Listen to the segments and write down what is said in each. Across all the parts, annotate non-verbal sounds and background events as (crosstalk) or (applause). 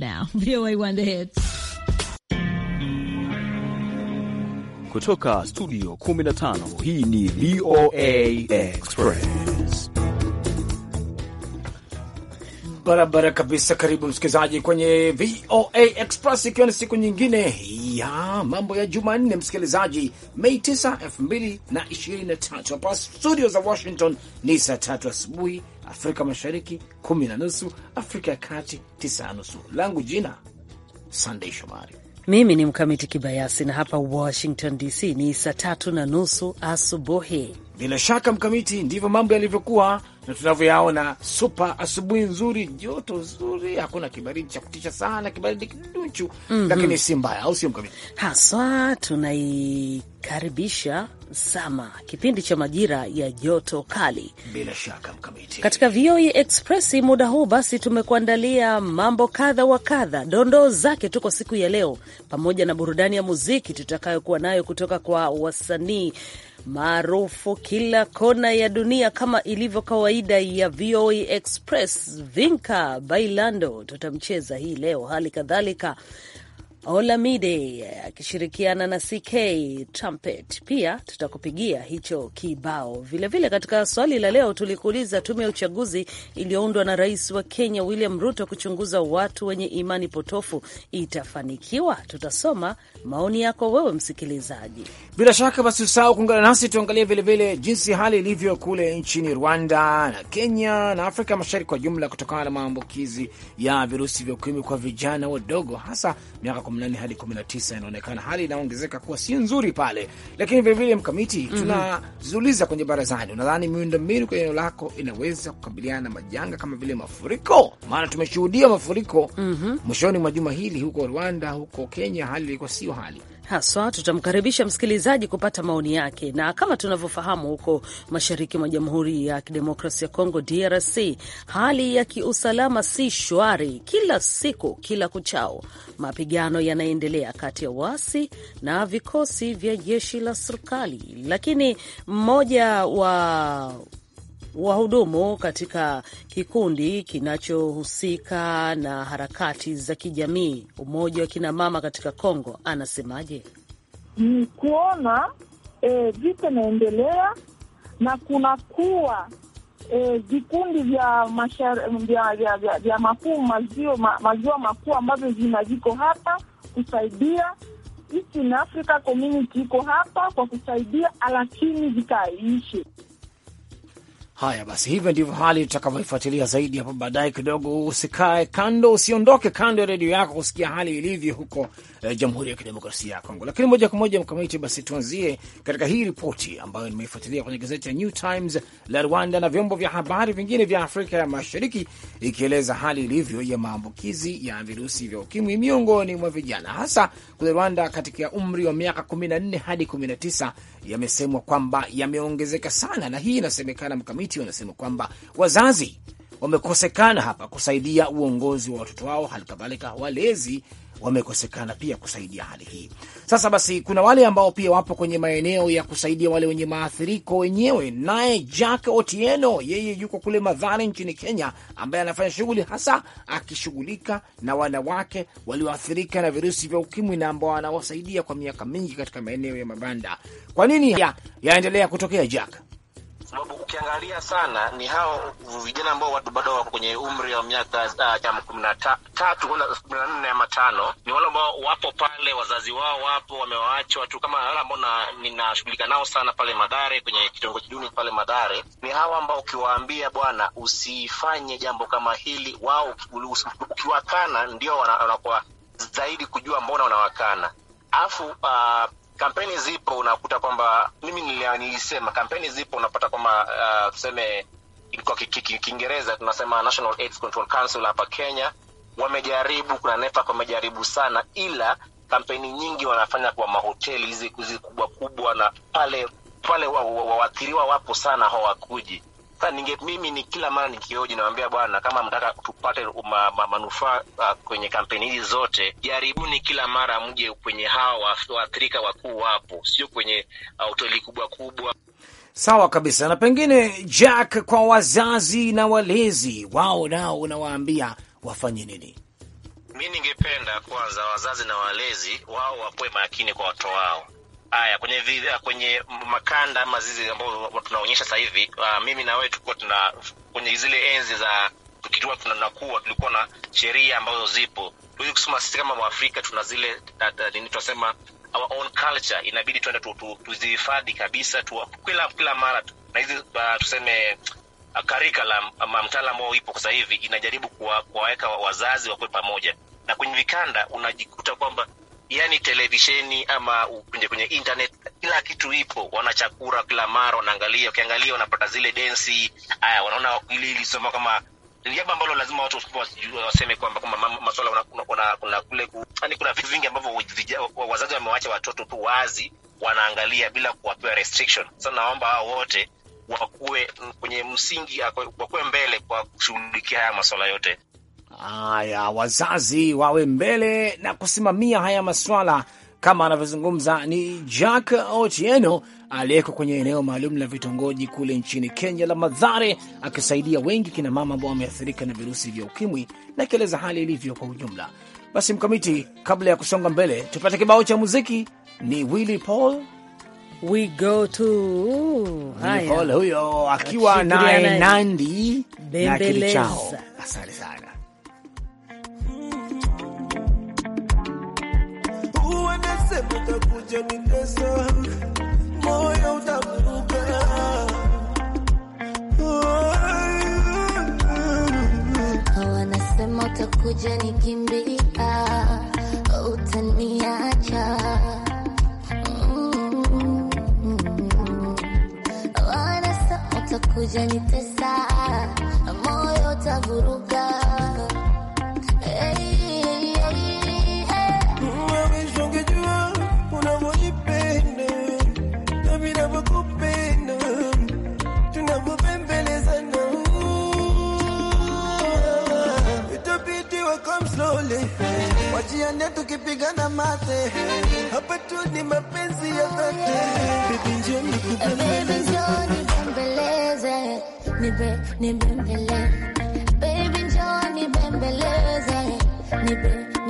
Now, (laughs) VOA One The Hits. Kutoka studio 15 hii ni VOA Express barabara kabisa. Karibu msikilizaji kwenye VOA Express, ikiwa ni siku nyingine ya mambo ya Jumanne, msikilizaji, Mei 9, 2023. Hapa studio za Washington ni saa tatu asubuhi, Afrika Mashariki kumi na nusu, Afrika ya Kati tisa na nusu. Langu jina Sandei Shomari, mimi ni Mkamiti Kibayasi, na hapa Washington DC ni saa tatu na nusu asubuhi. Bila shaka Mkamiti, ndivyo mambo yalivyokuwa na tunavyoyaona, supa asubuhi nzuri, joto zuri, hakuna kibaridi cha kutisha sana, kibaridi kiduchu mm -hmm. Lakini si mbaya, au sio Mkamiti? Haswa tunaikaribisha sama kipindi cha majira ya joto kali. Bila shaka Mkamiti, katika VOA e Express muda huu basi tumekuandalia mambo kadha wa kadha, dondoo zake tu kwa siku ya leo, pamoja na burudani ya muziki tutakayokuwa nayo kutoka kwa wasanii maarufu kila kona ya dunia kama ilivyo kawaida ya VOA Express. Vinka Bailando tutamcheza hii leo, hali kadhalika Olamide akishirikiana na CK Trumpet. Pia tutakupigia hicho kibao vilevile. Vile katika swali la leo tulikuuliza, tume ya uchaguzi iliyoundwa na rais wa Kenya William Ruto kuchunguza watu wenye imani potofu itafanikiwa? Tutasoma maoni yako wewe msikilizaji. Bila shaka basi usahau kuungana nasi, tuangalie vilevile jinsi hali ilivyo kule nchini Rwanda na Kenya na Afrika Mashariki kwa jumla, kutokana na maambukizi ya virusi vya ukimwi kwa vijana wadogo hasa miaka 18 hadi 19 inaonekana hali inaongezeka kuwa si nzuri pale, lakini vilevile mkamiti, mhm. tunazuliza kwenye barazani, unadhani miundombinu kwenye eneo lako inaweza kukabiliana na majanga kama vile mafuriko? Maana tumeshuhudia mafuriko mhm. mwishoni mm -hmm. mwa juma hili huko Rwanda, huko Kenya, hali ilikuwa sio hali haswa. Tutamkaribisha msikilizaji kupata maoni yake, na kama tunavyofahamu, huko mashariki mwa Jamhuri ya Kidemokrasia ya Kongo, DRC, hali ya kiusalama si shwari. Kila siku, kila kuchao, mapigano yanaendelea kati ya waasi na vikosi vya jeshi la serikali, lakini mmoja wa wahudumu katika kikundi kinachohusika na harakati za kijamii, umoja wa kinamama katika Kongo, anasemaje? Ni kuona e, vita inaendelea na kunakuwa e, vikundi e, vya vya, makuu maziwa makuu ambavyo vina viko hapa kusaidia East Africa Community iko hapa kwa kusaidia, lakini vikaishi Haya basi, hivyo ndivyo hali tutakavyoifuatilia zaidi hapo baadaye kidogo. Usikae kando, usiondoke kando ya redio yako kusikia hali ilivyo huko eh, Jamhuri ya Kidemokrasia ya Kongo. Lakini moja kwa moja mkamiti, basi tuanzie katika hii ripoti ambayo nimeifuatilia kwenye gazeti ya New Times la Rwanda na vyombo vya habari vingine vya Afrika ya Mashariki, ikieleza hali ilivyo ya maambukizi ya virusi vya ukimwi miongoni mwa vijana, hasa kule Rwanda katika umri wa miaka 14 hadi 19, yamesemwa kwamba yameongezeka sana, na hii inasemekana mkamiti utafiti wanasema kwamba wazazi wamekosekana hapa kusaidia uongozi wa watoto wao, hali kadhalika walezi wamekosekana pia kusaidia hali hii. Sasa basi, kuna wale ambao pia wapo kwenye maeneo ya kusaidia wale wenye maathiriko wenyewe. Naye Jack Otieno, yeye yuko kule Madhare nchini Kenya, ambaye anafanya shughuli hasa akishughulika na wanawake walioathirika na virusi vya ukimwi na ambao anawasaidia kwa miaka mingi katika maeneo ya mabanda. Kwa nini yaendelea kutokea, Jack? sababu ukiangalia sana ni hao vijana ambao watu bado wako kwenye umri wa miaka uh, kumi na tatu kwenda kumi na nne ama tano, ni wale ambao wapo pale, wazazi wao wapo wamewaacha. Watu kama wale ambao ninashughulika nao sana pale Madhare, kwenye kitongoji duni pale Madhare, ni hawa ambao ukiwaambia bwana, usifanye jambo kama hili, wao ukiwakana ndio wanakuwa zaidi kujua mbona wanawakana afu uh, ah, kampeni zipo, unakuta kwamba mimi nilisema kampeni zipo, unapata kwamba uh, tuseme kwa Kiingereza tunasema National AIDS Control Council hapa Kenya wamejaribu, kuna nefa wamejaribu sana, ila kampeni nyingi wanafanya kwa mahoteli hizi kubwa kubwa, na pale pale waathiriwa wa, wa, wapo sana hawakuji sasa ninge mimi ni kila mara nikioji nawambia bwana, kama mtaka tupate ma, ma, manufaa uh, kwenye kampeni hizi zote, jaribuni kila mara mje kwenye hawa waathirika wakuu wapo, sio kwenye ah, hoteli kubwa kubwa. Sawa kabisa. Na pengine Jack, kwa wazazi na walezi wao nao unawaambia wafanye nini? Mi ningependa kwanza wazazi na walezi wao wapoe makini kwa watoto wao Haya, kwenye vile, kwenye makanda ama zizi ambao tunaonyesha sasa hivi, uh, mimi na wewe tulikuwa tuna kwenye zile enzi za tukitua tunanakuwa, tulikuwa na sheria ambazo zipo. Tuwezi kusema sisi kama Waafrika tuna zile nini, tunasema our own culture, inabidi tuende tuzihifadhi kabisa tu, kila, kila mara na hizi uh, tuseme ah, curriculum ama mtaalamu wao ipo sasa hivi inajaribu kuwaweka wazazi wakuwe pamoja na kwenye vikanda unajikuta kwamba yani televisheni ama kwenye kwenye internet, kila kitu ipo, wanachakura kila mara, wanaangalia, wakiangalia wanapata zile densi. Haya, wanaona wakili ilisoma kama ni jambo ambalo lazima watu waseme kwamba kwamba masuala kuna kule, yani, kuna vitu vingi ambavyo wazazi wamewacha watoto tu wazi wanaangalia bila kuwapewa restriction. Sasa naomba hao wote wakuwe mm, kwenye msingi, wakuwe mbele kwa kushughulikia haya masuala yote. Haya, wazazi wawe mbele na kusimamia haya maswala, kama anavyozungumza ni Jack Otieno aliyeko kwenye eneo maalum la vitongoji kule nchini Kenya la Madhare, akisaidia wengi kina mama ambao wameathirika na virusi vya ukimwi na kieleza hali ilivyo kwa ujumla. Basi mkamiti, kabla ya kusonga mbele, tupate kibao cha muziki. Ni Willy Paul We go to Paul huyo akiwa naye Nandi na kili chao. Asante sana. Hebu takuja nitesa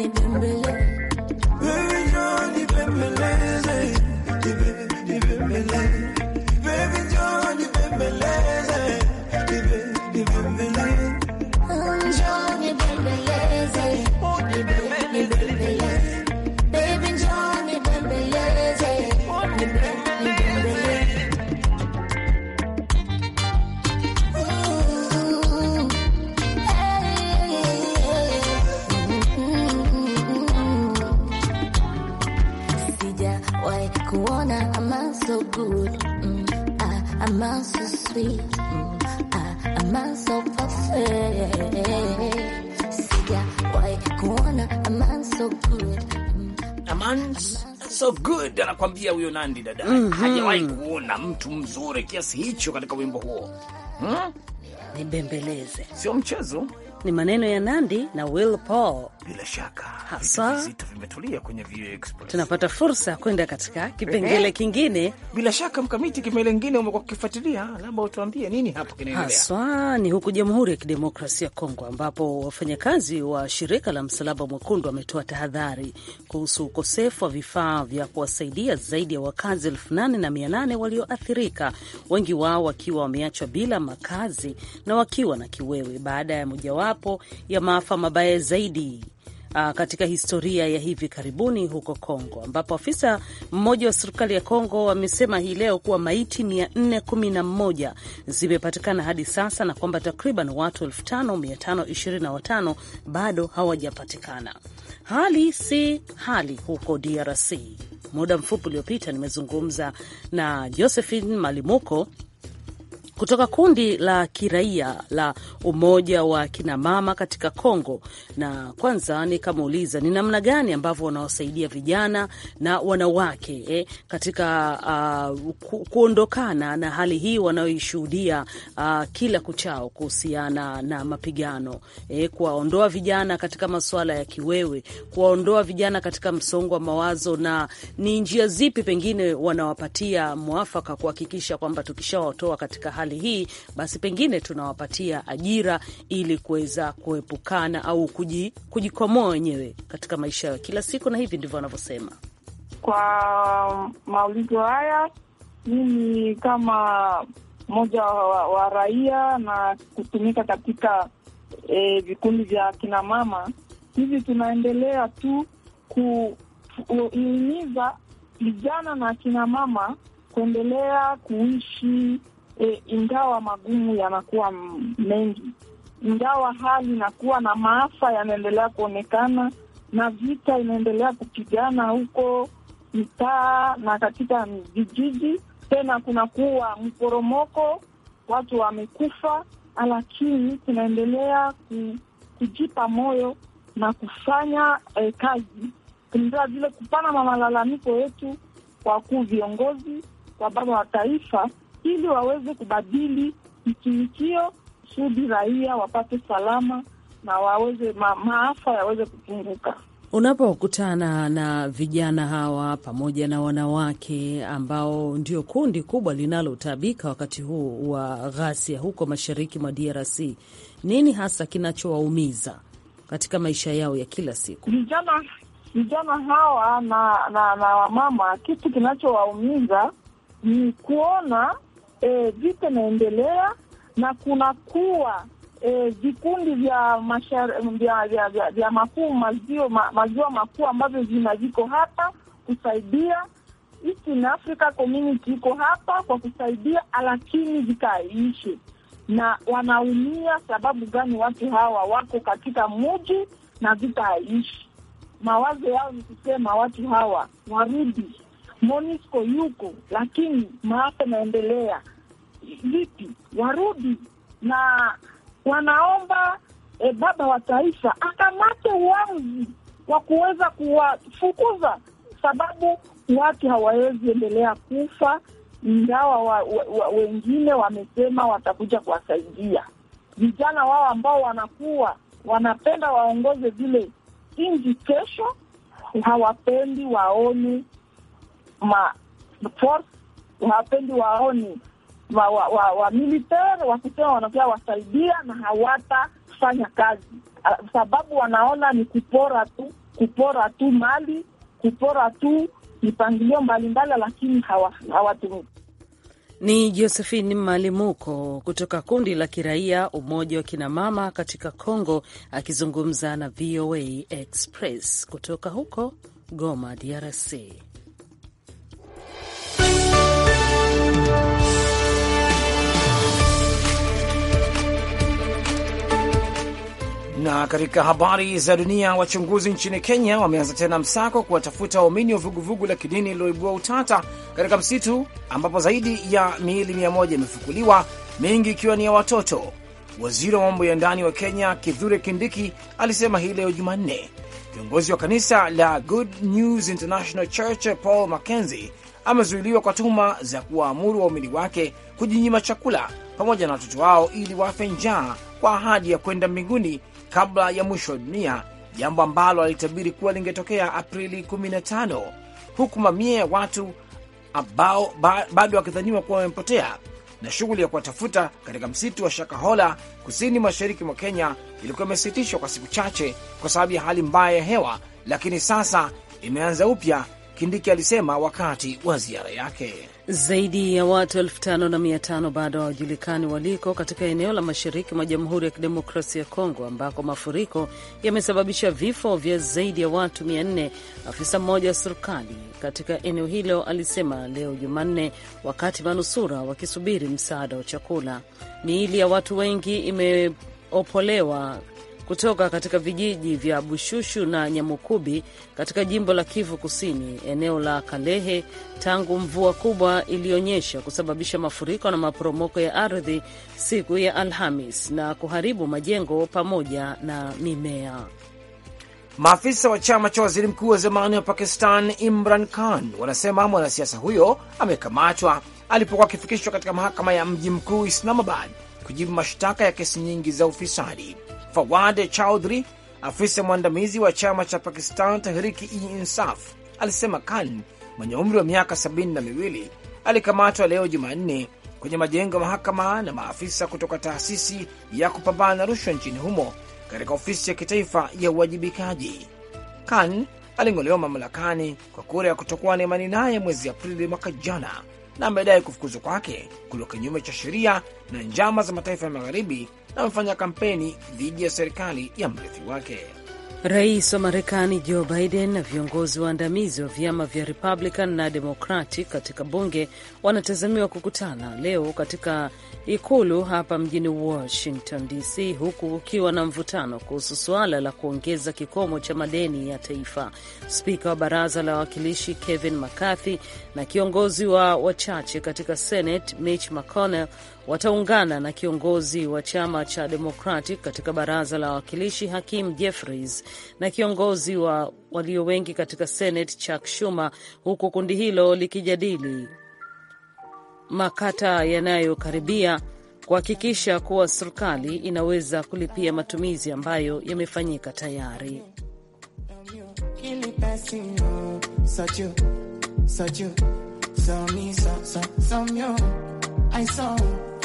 nibembeleze So good anakwambia huyo Nandi dada mm -hmm. Hajawahi kuona mtu mzuri kiasi hicho katika wimbo huo hmm? Nibembeleze, sio mchezo. Ni maneno ya Nandi na Will Paul. Bila shaka hasa vimetulia kwenye VOA Express, tunapata fursa ya kwenda katika kipengele eh? kingine. Bila shaka mkamiti, kipengele kingine umekuwa kukifuatilia, labda utuambie nini hapo kinaendelea haswa? Ni huku Jamhuri ya Kidemokrasia ya Kongo ambapo wafanyakazi wa shirika la Msalaba Mwekundu wametoa tahadhari kuhusu ukosefu wa vifaa vya kuwasaidia zaidi ya wakazi elfu nane na mia nane walioathirika, wengi wao wakiwa wameachwa bila makazi na wakiwa na kiwewe baada ya mojawao mojawapo ya maafa mabaya zaidi Uh, katika historia ya hivi karibuni huko Kongo ambapo afisa mmoja wa serikali ya Kongo amesema hii leo kuwa maiti 411 zimepatikana hadi sasa na kwamba takriban watu 5525 bado hawajapatikana. Hali si hali huko DRC. Muda mfupi uliopita nimezungumza na Josephine Malimuko kutoka kundi la kiraia la Umoja wa Kinamama katika Kongo, na kwanza nikamuuliza ni namna gani ambavyo wanawasaidia vijana na wanawake eh, katika uh, kuondokana na hali hii wanayoishuhudia uh, kila kuchao kuhusiana na mapigano eh, kuwaondoa vijana katika masuala ya kiwewe, kuwaondoa vijana katika msongo wa mawazo, na ni njia zipi pengine wanawapatia mwafaka kuhakikisha kwamba tukishawatoa katika hali hali hii, basi pengine tunawapatia ajira ili kuweza kuepukana au kujikomoa wenyewe katika maisha yao kila siku, na hivi ndivyo wanavyosema. Kwa maulizo haya, mimi kama mmoja wa, wa raia na kutumika katika e, vikundi vya kinamama hivi, tunaendelea tu kuhimiza vijana na akinamama kuendelea kuishi e, ingawa magumu yanakuwa mengi, ingawa hali inakuwa na maafa yanaendelea kuonekana na vita inaendelea kupigana huko mitaa na katika vijiji, tena kunakuwa mporomoko, watu wamekufa, lakini tunaendelea kujipa moyo na kufanya eh, kazi kuendelea vile kupana mamalalamiko yetu kwa wakuu viongozi, kwa baba wa taifa ili waweze kubadili nchiichio kusudi raia wapate salama na waweze ma, maafa yaweze kupunguka. Unapokutana na vijana hawa pamoja na wanawake ambao ndio kundi kubwa linalotabika wakati huu wa ghasia huko mashariki mwa DRC, nini hasa kinachowaumiza katika maisha yao ya kila siku? Vijana vijana hawa na na, na wamama, kitu kinachowaumiza ni kuona e, vita inaendelea na kunakuwa e, vikundi vya vya, vya, makuu maziwa makuu ambavyo vina viko hapa kusaidia East Africa Community iko hapa kwa kusaidia, lakini vikaishi na wanaumia. Sababu gani? Watu hawa wako katika muji na vikaishi, mawazo yao ni kusema watu hawa warudi MONUSCO yuko lakini maafa yanaendelea. Vipi warudi na wanaomba e, baba wa taifa akamate uamuzi wa kuweza kuwafukuza, sababu watu hawawezi endelea kufa, ingawa wa, wa, wa, wengine wamesema watakuja kuwasaidia vijana wao ambao wanakuwa wanapenda waongoze zile nchi kesho, hawapendi waone ma force hawapendi waoni wa, wa, wa, wa military wakisema wanataka wasaidia na hawatafanya kazi, ah, sababu wanaona ni kupora tu, kupora tu mali, kupora tu mipangilio mbalimbali, lakini hawatumiki. Ni Josephine Malimuko kutoka kundi la kiraia Umoja wa Kinamama katika Congo akizungumza na VOA Express kutoka huko Goma, DRC. Na katika habari za dunia, wachunguzi nchini Kenya wameanza tena msako kuwatafuta waumini wa vuguvugu la kidini lililoibua utata katika msitu ambapo zaidi ya miili mia moja imefukuliwa, mingi ikiwa ni ya watoto. Waziri wa mambo ya ndani wa Kenya Kithure Kindiki alisema hii leo Jumanne. Kiongozi wa kanisa la Good News International Church Paul Mackenzie amezuiliwa kwa tuhuma za kuwaamuru waumini wake kujinyima chakula pamoja na watoto wao ili wafe njaa kwa ahadi ya kwenda mbinguni kabla ya mwisho wa dunia, jambo ambalo alitabiri kuwa lingetokea Aprili 15, huku mamia ya watu ambao bado wakidhaniwa kuwa wamepotea na shughuli ya kuwatafuta katika msitu wa Shakahola kusini mashariki mwa Kenya ilikuwa imesitishwa kwa siku chache kwa sababu ya hali mbaya ya hewa, lakini sasa imeanza upya, Kindiki alisema wakati wa ziara yake. Zaidi ya watu elfu tano na mia tano bado hawajulikani waliko katika eneo la mashariki mwa Jamhuri ya Kidemokrasia ya Kongo ambako mafuriko yamesababisha vifo vya zaidi ya watu mia nne. Afisa mmoja wa serikali katika eneo hilo alisema leo Jumanne, wakati manusura wakisubiri msaada wa chakula. Miili ya watu wengi imeopolewa kutoka katika vijiji vya Bushushu na Nyamukubi katika jimbo la Kivu Kusini, eneo la Kalehe, tangu mvua kubwa iliyonyesha kusababisha mafuriko na maporomoko ya ardhi siku ya Alhamis na kuharibu majengo pamoja na mimea. Maafisa wa chama cha waziri mkuu wa zamani wa Pakistan Imran Khan wanasema mwanasiasa huyo amekamatwa alipokuwa akifikishwa katika mahakama ya mji mkuu Islamabad kujibu mashtaka ya kesi nyingi za ufisadi. Fawad Chaudhry, afisa mwandamizi wa chama cha Pakistan Tahriki e Insaf, alisema Khan mwenye umri wa miaka sabini na miwili alikamatwa leo Jumanne kwenye majengo ya mahakama na maafisa kutoka taasisi ya kupambana na rushwa nchini humo katika ofisi ya kitaifa ya uwajibikaji. Khan aling'olewa mamlakani kwa kura ya kutokuwa na imani naye mwezi Aprili mwaka jana na baadaye kufukuzwa kwake kulio kinyume cha sheria na njama za mataifa ya magharibi na amefanya kampeni dhidi ya serikali ya mrithi wake. Rais wa Marekani Joe Biden na viongozi waandamizi wa vyama vya Republican na Democratic katika bunge wanatazamiwa kukutana leo katika ikulu hapa mjini Washington DC, huku ukiwa na mvutano kuhusu suala la kuongeza kikomo cha madeni ya taifa. Spika wa baraza la wawakilishi Kevin McCarthy na kiongozi wa wachache katika Senate Mitch McConnell wataungana na kiongozi wa chama cha Democratic katika baraza la wawakilishi Hakim Jeffries na kiongozi wa walio wengi katika Senate Chuck Schumer, huku kundi hilo likijadili makata yanayokaribia kuhakikisha kuwa serikali inaweza kulipia matumizi ambayo yamefanyika tayari.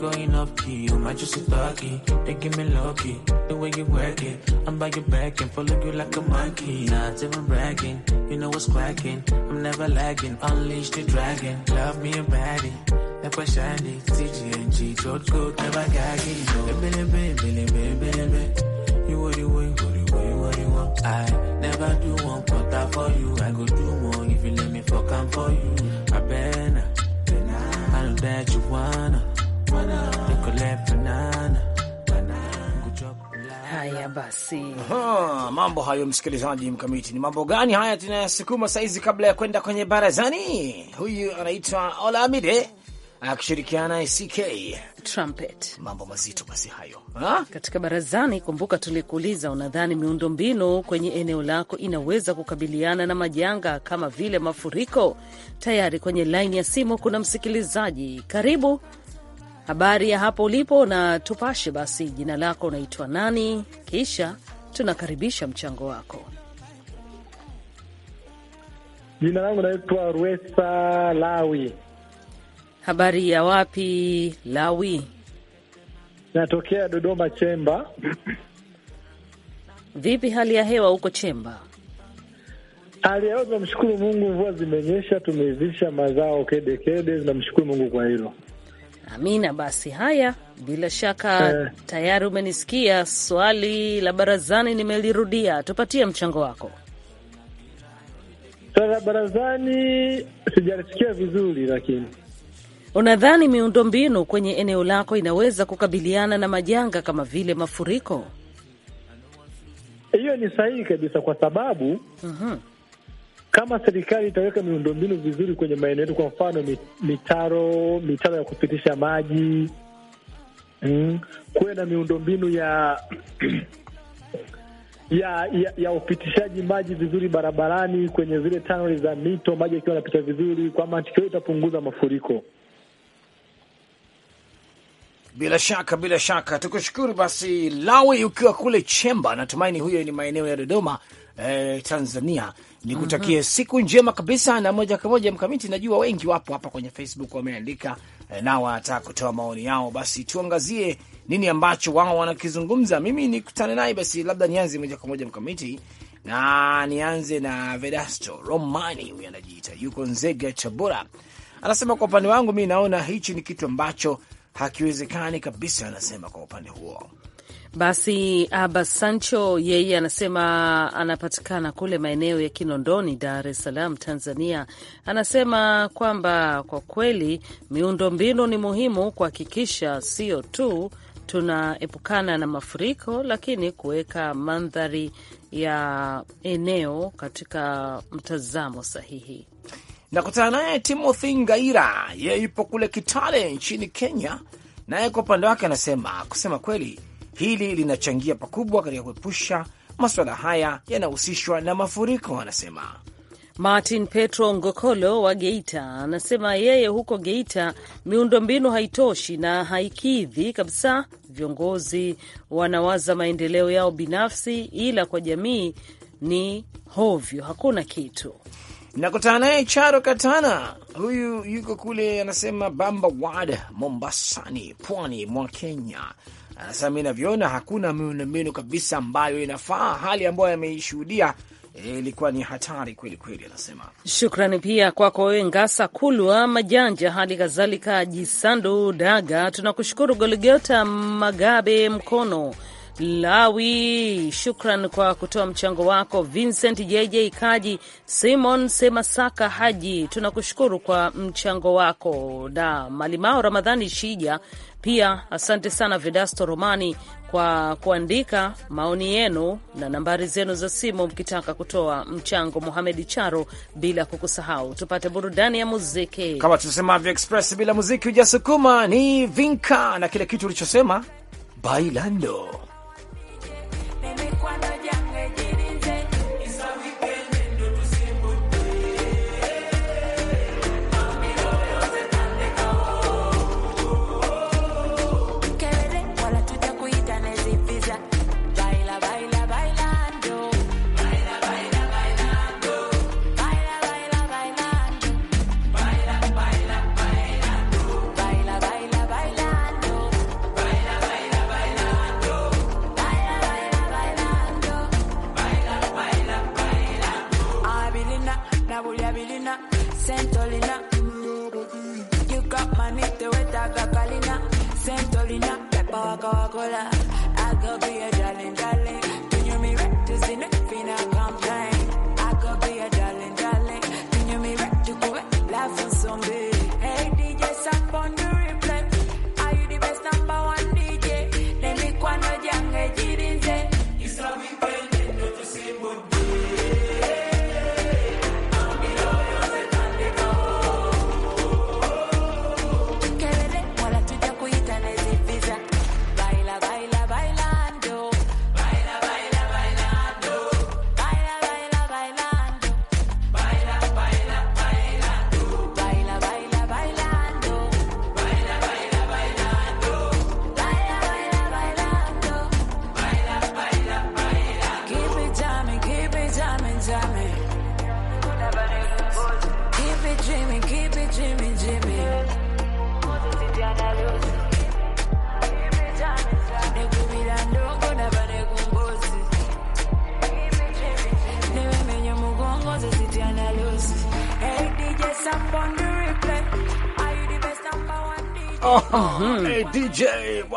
going off key. You might just a lucky. They give me lucky. The way you work it, I'm by your back and of you like a monkey. Not even bragging. You know what's cracking. I'm never lagging. Unleash the dragon. Love me a baddie. Never shiny, TGNG, Todd Cook, never gagging. No, baby, baby, baby, baby. You what you want, what you want, what you want. I never do one that for you. I go do more if you let me fuck I'm for you. I better, I know that you wanna. Haya basi, mambo hayo msikilizaji mkamiti, ni mambo gani haya tunayasukuma saizi kabla ya kwenda kwenye barazani? Huyu anaitwa Olamide akishirikiana CK Trumpet. Mambo mazito basi hayo ha? Katika barazani, kumbuka tulikuuliza, unadhani miundombinu kwenye eneo lako inaweza kukabiliana na majanga kama vile mafuriko? Tayari kwenye laini ya simu kuna msikilizaji. Karibu Habari ya hapo ulipo, na tupashe basi, jina lako unaitwa nani? Kisha tunakaribisha mchango wako. Jina langu naitwa Ruesa Lawi. Habari ya wapi Lawi? Natokea Dodoma Chemba. Vipi hali ya hewa huko Chemba? Hali ya hewa tunamshukuru Mungu, mvua zimenyesha, tumeivisha mazao kedekede, tunamshukuru Mungu kwa hilo. Amina. Basi haya, bila shaka eh, tayari umenisikia. Swali la barazani nimelirudia, tupatie mchango wako. Swali la barazani sijalisikia vizuri, lakini unadhani miundombinu kwenye eneo lako inaweza kukabiliana na majanga kama vile mafuriko? Hiyo ni sahihi kabisa, kwa sababu uh mhm. -huh. Kama serikali itaweka miundombinu vizuri kwenye maeneo yetu, kwa mfano mitaro, mitaro ya kupitisha maji mm, kuwe na miundombinu ya (clears throat) ya ya, ya upitishaji maji vizuri barabarani, kwenye zile tanuri za mito, maji yakiwa yanapita vizuri, kwa matikio itapunguza mafuriko. Bila shaka, bila shaka, tukushukuru. Basi Lawi, ukiwa kule Chemba, natumaini huyo ni maeneo ya Dodoma eh, Tanzania kutakie mm -hmm. siku njema kabisa, na moja kwa moja Mkamiti, najua wengi wapo hapa kwenye Facebook wameandika eh, nao wanataka kutoa maoni yao, basi tuangazie nini ambacho wao wanakizungumza. Mimi nikutane naye basi, labda nianze moja kwa moja Mkamiti na nianze na Vedasto Romani, huyu anajiita yuko Nzega, Tabora. Anasema kwa upande wangu, mi naona hichi ni kitu ambacho hakiwezekani kabisa, anasema kwa upande huo basi Aba Sancho yeye anasema anapatikana kule maeneo ya Kinondoni, Dar es Salaam, Tanzania. Anasema kwamba kwa kweli miundombinu ni muhimu kuhakikisha sio tu tunaepukana na mafuriko, lakini kuweka mandhari ya eneo katika mtazamo sahihi. Nakutana naye Timothy Ngaira, yeye yupo kule Kitale nchini Kenya, naye kwa upande wake anasema kusema kweli Hili linachangia pakubwa katika kuepusha masuala haya yanahusishwa na mafuriko, anasema Martin Petro Ngokolo wa Geita. Anasema yeye huko Geita miundombinu haitoshi na haikidhi kabisa. Viongozi wanawaza maendeleo yao binafsi, ila kwa jamii ni hovyo, hakuna kitu. Nakutana naye Charo Katana, huyu yuko kule, anasema Bamba Wad Mombasani, pwani mwa Kenya. Anasema mi navyoona hakuna miundombinu kabisa ambayo inafaa, hali ambayo ameishuhudia eh, ilikuwa ni hatari kweli kweli, anasema. Shukrani pia kwako wewe Ngasa Kulwa Majanja, hali kadhalika Jisandu Daga, tunakushukuru Goligota Magabe Mkono Lawi, shukran kwa kutoa mchango wako. Vincent JJ Kaji, Simon Semasaka Haji, tunakushukuru kwa mchango wako, na Malimao Ramadhani Shija pia asante sana Vedasto Romani kwa kuandika maoni yenu na nambari zenu za simu mkitaka kutoa mchango. muhamedi Charo, bila kukusahau, tupate burudani ya muziki. Kama tunasemavyo Express, bila muziki hujasukuma. Ni Vinka na kile kitu ulichosema bailando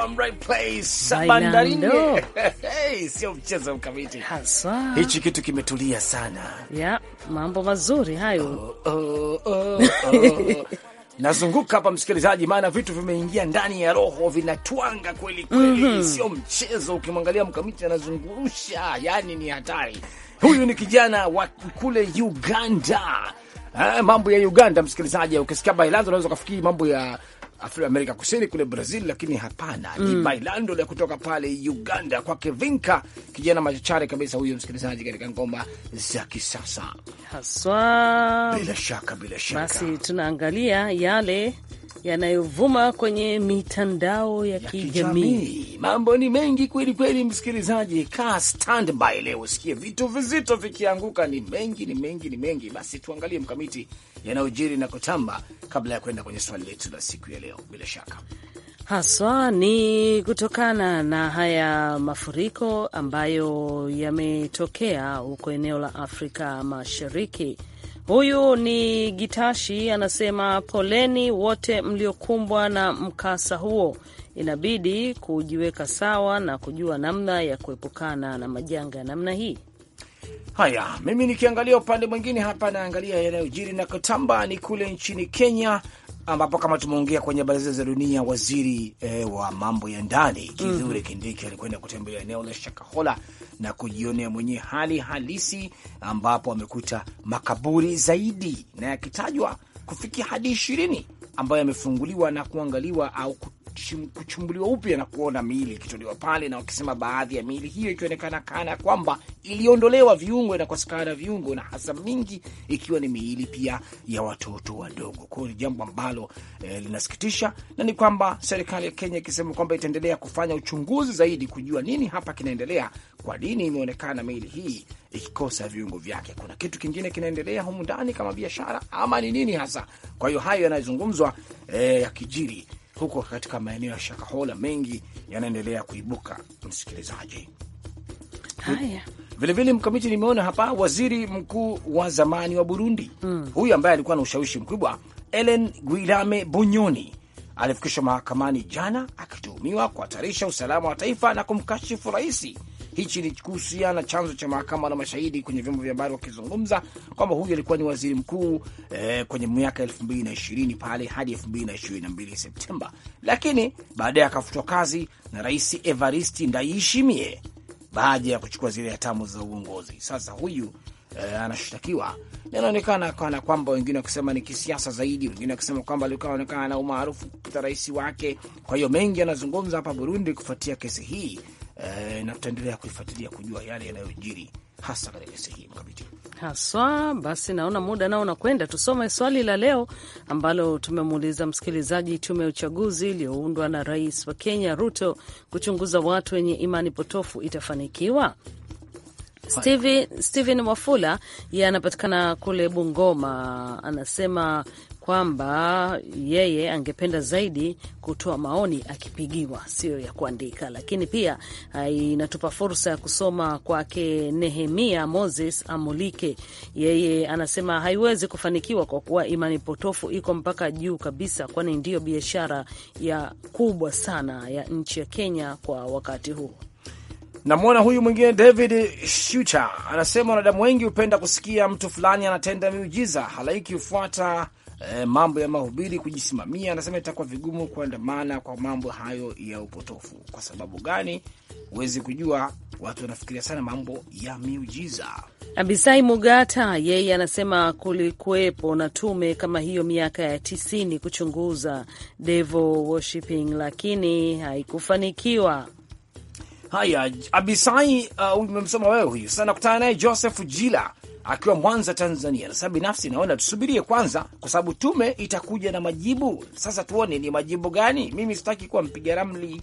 I'm right place bandarini. (laughs) Hey, sio mchezo mkamiti haswa. Hichi kitu kimetulia sana yeah, mambo mazuri hayo. oh, oh, oh, oh. (laughs) Nazunguka hapa msikilizaji, maana vitu vimeingia ndani ya roho vinatwanga kweli kweli, mm -hmm. Sio mchezo. Ukimwangalia mkamiti anazungurusha, yani ni hatari. Huyu ni kijana wa kule Uganda. Ha, eh, mambo ya Uganda msikilizaji, ukisikia Bailanza unaweza ukafikiri mambo ya Afrika, Amerika Kusini kule Brazil, lakini hapana mm. ni bailando la kutoka pale Uganda kwake Vinka, kijana machachari kabisa huyo msikilizaji, katika ngoma za kisasa haswa. Bila shaka, bila shaka, basi tunaangalia yale yanayovuma kwenye mitandao ya, ya kijamii. Mambo ni mengi kweli kweli, msikilizaji, kaa standby leo usikie vitu vizito vikianguka. Ni mengi ni mengi ni mengi. Basi tuangalie mkamiti yanayojiri na kutamba, kabla ya kwenda kwenye swali letu la siku ya leo, bila shaka haswa ni kutokana na haya mafuriko ambayo yametokea huko eneo la Afrika Mashariki. Huyu ni Gitashi anasema, poleni wote mliokumbwa na mkasa huo. Inabidi kujiweka sawa na kujua namna ya kuepukana na majanga ya namna hii. Haya, mimi nikiangalia upande mwingine hapa, naangalia yanayojiri na kutamba ni kule nchini Kenya ambapo kama tumeongea kwenye habari za dunia, waziri eh, wa mambo ya ndani Kithure mm -hmm. Kindiki alikwenda kutembelea eneo la Shakahola na kujionea mwenye hali halisi, ambapo amekuta makaburi zaidi na yakitajwa kufikia hadi ishirini ambayo yamefunguliwa na kuangaliwa au kuchumbuliwa upya na kuona miili ikitolewa pale, na wakisema baadhi ya miili hiyo ikionekana kana kwamba iliondolewa viungo, inakosekana viungo, na hasa mingi ikiwa ni miili pia ya watoto wadogo. Kwa hiyo ni jambo ambalo eh, linasikitisha, na ni kwamba serikali ya Kenya ikisema kwamba itaendelea kufanya uchunguzi zaidi kujua nini hapa kinaendelea, kwa nini imeonekana miili hii ikikosa viungo vyake. Kuna kitu kingine kinaendelea humu ndani kama biashara ama ni nini hasa? Kwa hiyo hayo yanayozungumzwa eh, yakijiri huko katika maeneo ya Shakahola mengi yanaendelea kuibuka, msikilizaji. Haya, vilevile mkamiti, nimeona hapa waziri mkuu wa zamani wa Burundi mm, huyu ambaye alikuwa na ushawishi mkubwa Ellen Guilame Bunyoni alifikishwa mahakamani jana akituhumiwa kuhatarisha usalama wa taifa na kumkashifu raisi Hichi ni kuhusiana chanzo cha mahakama na mashahidi kwenye vyombo vya habari wakizungumza kwamba huyu alikuwa ni waziri mkuu eh, kwenye miaka elfu mbili na ishirini pale hadi elfu mbili na na ishirini mbili Septemba, lakini baadaye akafutwa kazi na Rais Evaristi Ndayishimiye baada ya kuchukua zile hatamu za uongozi. Sasa huyu E, anashtakiwa inaonekana kana kwamba wengine wakisema ni kisiasa zaidi, wengine wakisema kwamba alikuwa anaonekana na umaarufu kupita rais wake. Kwa hiyo mengi yanazungumza hapa Burundi kufuatia kesi hii Eh, na tutaendelea kuifuatilia kujua yale yanayojiri hasa katika kesi hii mkabiti haswa. Basi naona muda nao unakwenda, tusome swali la leo ambalo tumemuuliza msikilizaji. Tume ya uchaguzi iliyoundwa na rais wa Kenya Ruto kuchunguza watu wenye imani potofu itafanikiwa? Steven Wafula ye anapatikana kule Bungoma, anasema kwamba yeye angependa zaidi kutoa maoni akipigiwa, sio ya kuandika. Lakini pia ah, inatupa fursa ya kusoma kwake Nehemia Moses Amulike. Yeye anasema haiwezi kufanikiwa kwa kuwa imani potofu iko mpaka juu kabisa, kwani ndiyo biashara ya kubwa sana ya nchi ya Kenya kwa wakati huu. Namwona huyu mwingine David Shuter anasema wanadamu wengi hupenda kusikia mtu fulani anatenda miujiza, halaiki hufuata eh, mambo ya mahubiri kujisimamia. Anasema itakuwa vigumu kuandamana kwa, kwa mambo hayo ya upotofu. Kwa sababu gani? Huwezi kujua, watu wanafikiria sana mambo ya miujiza. Abisai Mugata yeye anasema kulikuwepo na tume kama hiyo miaka ya tisini kuchunguza devil lakini haikufanikiwa. Haya, Abisai umemsoma uh, wewe huyu. Sasa nakutana naye Joseph Jila akiwa Mwanza, Tanzania. Sasa binafsi naona tusubirie kwanza, kwa sababu tume itakuja na majibu. Sasa tuone ni majibu gani. Mimi sitaki kuwa mpiga ramli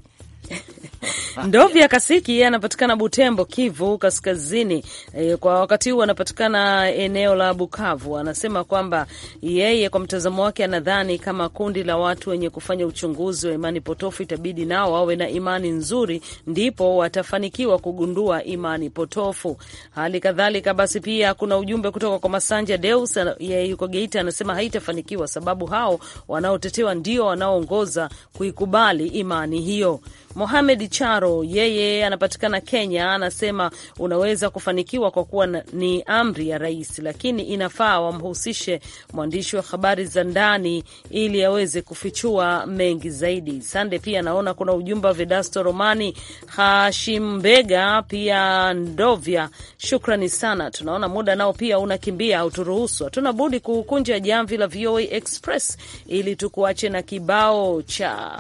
ya Kasiki anapatikana Butembo, Kivu Kaskazini. E, kwa wakati huu anapatikana eneo la Bukavu. Anasema kwamba yeye kwa mtazamo wake anadhani kama kundi la watu wenye kufanya uchunguzi wa imani potofu itabidi nao wawe na imani nzuri, ndipo watafanikiwa kugundua imani potofu. Hali kadhalika basi, pia kuna ujumbe kutoka kwa Masanja Deus, yeye yuko Geita, anasema haitafanikiwa sababu hao wanaotetewa ndio wanaoongoza kuikubali imani hiyo. Mohamed Charo yeye anapatikana Kenya, anasema unaweza kufanikiwa kwa kuwa ni amri ya rais, lakini inafaa wamhusishe mwandishi wa habari za ndani ili aweze kufichua mengi zaidi. Sande pia anaona kuna ujumbe wa Vedasto Romani Hashim Mbega pia Ndovya, shukrani sana. Tunaona muda nao pia unakimbia, hauturuhusu, hatuna budi kukunja jamvi la VOA Express ili tukuache na kibao cha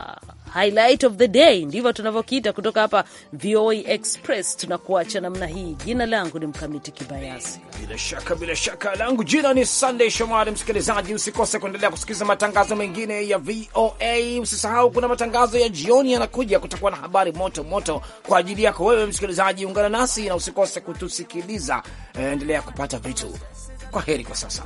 highlight of the day, ndivyo tunavyokiita kutoka hapa VOA Express. Tunakuacha namna hii. Jina langu ni Mkamiti Kibayasi, bila shaka bila shaka langu jina ni Sunday Shomari. Msikilizaji, usikose kuendelea kusikiliza matangazo mengine ya VOA. Usisahau kuna matangazo ya jioni yanakuja, kutakuwa na habari moto moto kwa ajili yako wewe msikilizaji. Ungana nasi na usikose kutusikiliza. Endelea kupata vitu. Kwa heri kwa sasa.